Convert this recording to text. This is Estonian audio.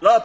La